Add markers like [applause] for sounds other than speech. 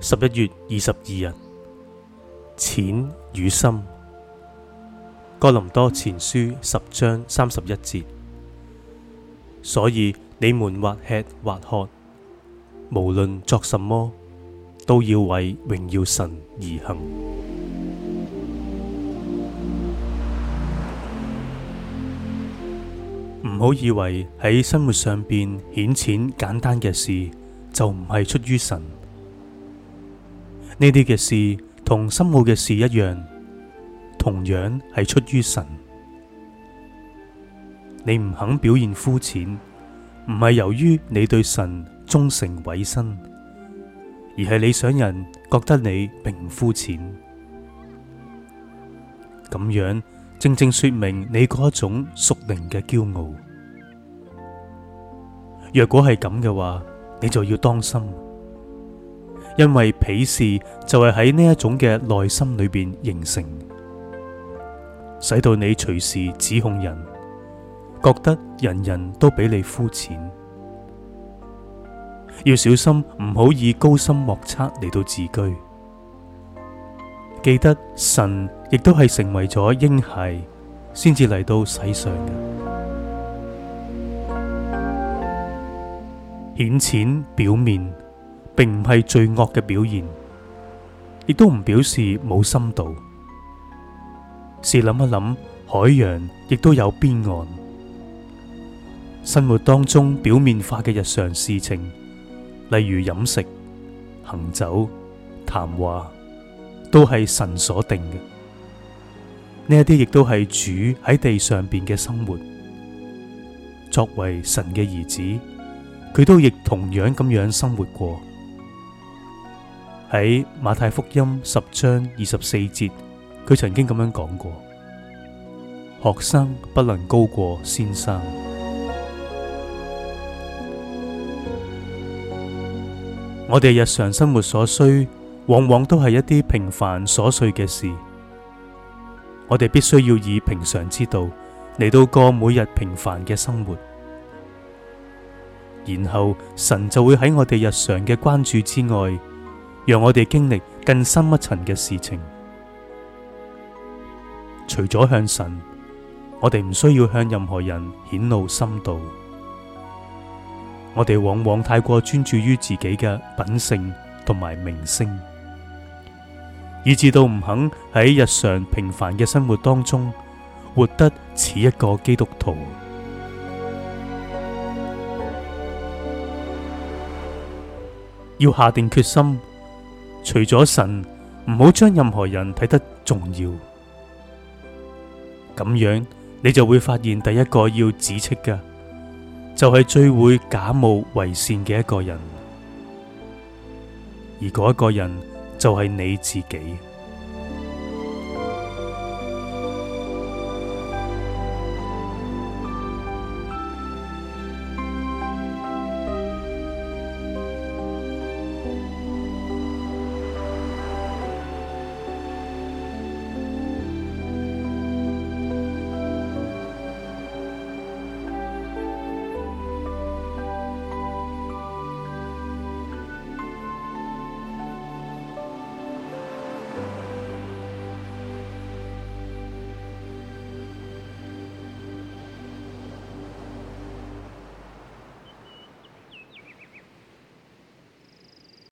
十一月二十二日，淺與深，哥林多前書十章三十一節。所以你們或吃或喝，無論作什麼，都要為榮耀神而行。唔好 [music] 以為喺生活上邊顯淺簡單嘅事。就唔係出於神呢啲嘅事，同深奧嘅事一樣，同樣係出於神。你唔肯表現膚淺，唔係由於你對神忠誠委身，而係你想人覺得你並唔膚淺。咁樣正正說明你嗰種屬靈嘅驕傲。若果係咁嘅話，你就要當心，因為鄙視就係喺呢一種嘅內心裏邊形成，使到你隨時指控人，覺得人人都比你膚淺。要小心唔好以高深莫測嚟到自居。記得神亦都係成為咗嬰孩，先至嚟到世上。顯淺表面，並唔係罪惡嘅表現，亦都唔表示冇深度。試諗一諗，海洋亦都有邊岸。生活當中表面化嘅日常事情，例如飲食、行走、談話，都係神所定嘅。呢一啲亦都係主喺地上邊嘅生活，作為神嘅兒子。佢都亦同樣咁樣生活過。喺馬太福音十章二十四節，佢曾經咁樣講過：學生不能高過先生。我哋日常生活所需，往往都係一啲平凡瑣碎嘅事。我哋必須要以平常之道嚟到過每日平凡嘅生活。然後神就會喺我哋日常嘅關注之外，讓我哋經歷更深一層嘅事情。除咗向神，我哋唔需要向任何人顯露深度。我哋往往太過專注於自己嘅品性同埋名聲，以致到唔肯喺日常平凡嘅生活當中活得似一個基督徒。要下定決心，除咗神，唔好將任何人睇得重要。咁樣，你就會發現第一個要指斥嘅，就係、是、最會假冒為善嘅一個人，而嗰一個人就係你自己。